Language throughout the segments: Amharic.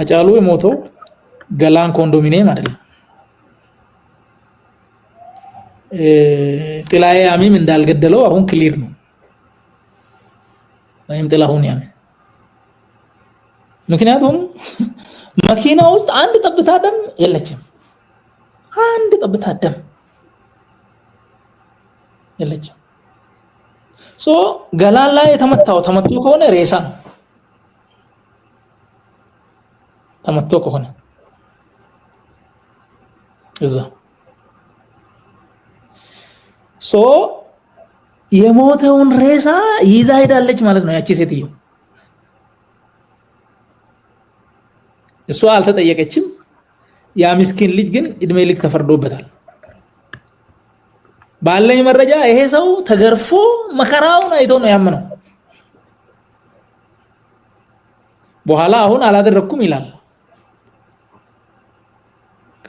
አጫሉ የሞተው ገላን ኮንዶሚኒየም አይደለም። ጥላዬ አሚም እንዳልገደለው አሁን ክሊር ነው። ወይም ጥላሁን ያሚ ምክንያቱም መኪና ውስጥ አንድ ጠብታ ደም የለችም። አንድ ጠብታ ደም የለችም። ሶ ገላን ላይ የተመታው ተመቶ ከሆነ ሬሳ ነው። ተመቶ ከሆነ እዛ ሶ የሞተውን ሬሳ ይዛ ሄዳለች ማለት ነው ያቺ ሴትዮ። እሷ አልተጠየቀችም። ያ ምስኪን ልጅ ግን እድሜ ልክ ተፈርዶበታል። ባለኝ መረጃ ይሄ ሰው ተገርፎ መከራውን አይቶ ነው ያመነው። በኋላ አሁን አላደረኩም ይላል።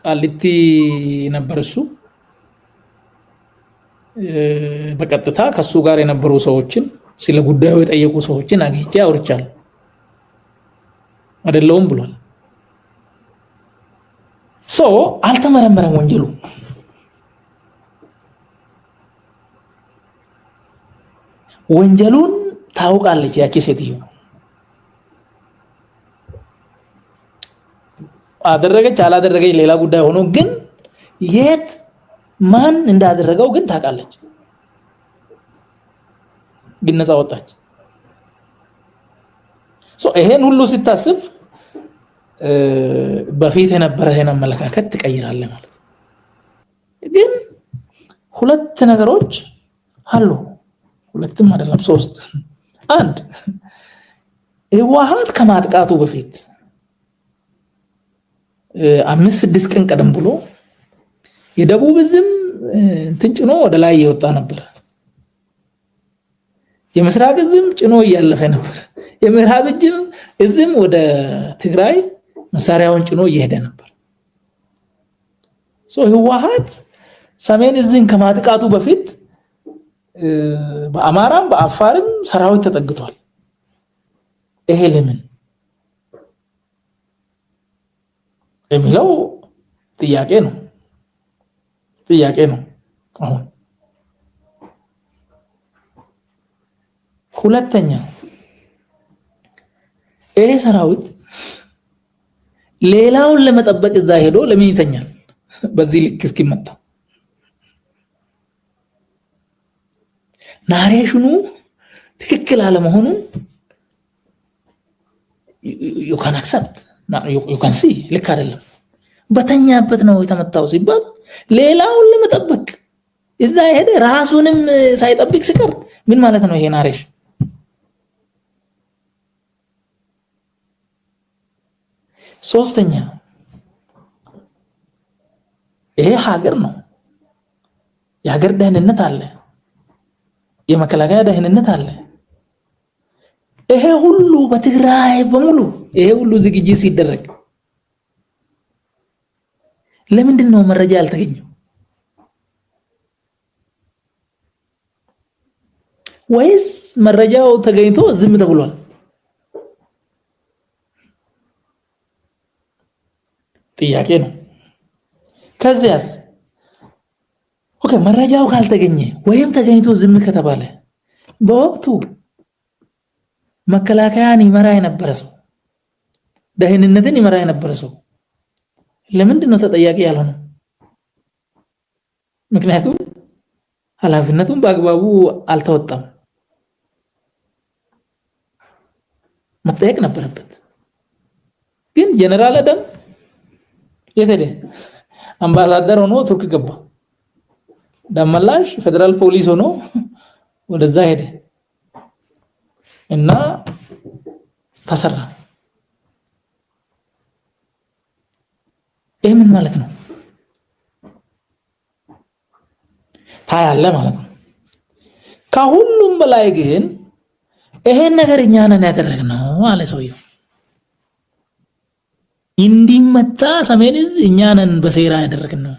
ቃሊቲ ነበር እሱ። በቀጥታ ከሱ ጋር የነበሩ ሰዎችን ስለ ጉዳዩ የጠየቁ ሰዎችን አግኝቼ አውርቻለሁ። አይደለውም ብሏል። ሶ አልተመረመረም ወንጀሉ። ወንጀሉን ታውቃለች ያቺ ሴትዮ አደረገች አላደረገች ሌላ ጉዳይ ሆኖ ግን የት ማን እንዳደረገው ግን ታውቃለች። ግን ነፃ ወጣች። ይሄን ሁሉ ስታስብ በፊት የነበረህን አመለካከት ትቀይራለህ ማለት ነው። ግን ሁለት ነገሮች አሉ፣ ሁለትም አይደለም ሶስት። አንድ ህወሓት ከማጥቃቱ በፊት አምስት ስድስት ቀን ቀደም ብሎ የደቡብ ዝም እንትን ጭኖ ወደ ላይ እየወጣ ነበር። የምስራቅ እዝም ጭኖ እያለፈ ነበር። የምዕራብ እጅም እዝም ወደ ትግራይ መሳሪያውን ጭኖ እየሄደ ነበር። ህወሓት ሰሜን እዝን ከማጥቃቱ በፊት በአማራም በአፋርም ሰራዊት ተጠግቷል። ይሄ ለምን የሚለው ጥያቄ ነው ጥያቄ ነው። አሁን ሁለተኛ ይሄ ሰራዊት ሌላውን ለመጠበቅ እዛ ሄዶ ለምን ይተኛል? በዚህ ልክ እስኪመጣ ናሬሽኑ ትክክል አለመሆኑን ዩካን አክሰፕት ዩካንሲ ልክ አይደለም። በተኛበት ነው የተመታው ሲባል ሌላውን ለመጠበቅ እዛ ሄደ ራሱንም ሳይጠብቅ ሲቀር ምን ማለት ነው ይሄ ናሬሽ? ሶስተኛ ይሄ ሀገር ነው። የሀገር ደህንነት አለ፣ የመከላከያ ደህንነት አለ። ይሄ ሁሉ በትግራይ በሙሉ ይሄ ሁሉ ዝግጅት ሲደረግ ለምንድን ነው መረጃ ያልተገኘው? ወይስ መረጃው ተገኝቶ ዝም ተብሏል? ጥያቄ ነው። ከዚያስ ኦኬ መረጃው ካልተገኘ ወይም ተገኝቶ ዝም ከተባለ በወቅቱ መከላከያን ይመራ የነበረ ሰው ደህንነትን ይመራ የነበረ ሰው ለምንድን ነው ተጠያቂ ያልሆነው? ምክንያቱም ኃላፊነቱን በአግባቡ አልተወጣም። መጠየቅ ነበረበት። ግን ጀነራል አደም የተደ አምባሳደር ሆኖ ቱርክ ገባ። ዳመላሽ ፌደራል ፖሊስ ሆኖ ወደዛ ሄደ እና ተሰራ። ይህ ምን ማለት ነው? ታያለ ማለት ነው። ከሁሉም በላይ ግን ይሄን ነገር እኛ ነን ያደረግነው አለ ሰውየው። እንዲመታ ሰሜን እዝ እኛ ነን በሴራ ያደረግነው።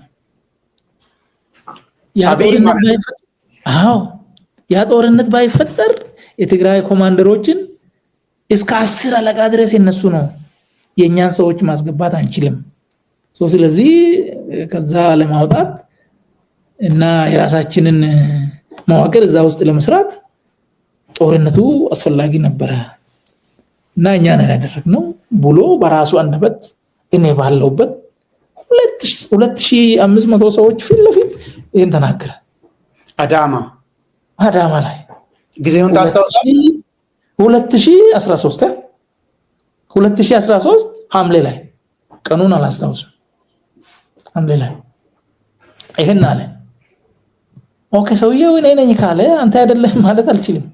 አዎ ያ ጦርነት ባይፈጠር የትግራይ ኮማንደሮችን እስከ አስር አለቃ ድረስ የነሱ ነው። የእኛን ሰዎች ማስገባት አንችልም። ስለዚህ eh, ከዛ ለማውጣት እና የራሳችንን eh, መዋቅር እዛ ውስጥ ለመስራት ጦርነቱ አስፈላጊ ነበረ እና እኛ ነን ያደረግነው ብሎ በራሱ አንደበት እኔ ባለውበት ሁለት ሺ አምስት መቶ ሰዎች ፊት ለፊት ይህን ተናገረ። አዳማ አዳማ ላይ ጊዜውን ታስታውሳለህ? አስራ ሶስት ሐምሌ ላይ ቀኑን አላስታውስም። ሐምሌ ላይ ይህን አለ። ኦኬ ሰውየው እኔ ነኝ ካለ አንተ አይደለህም ማለት አልችልም።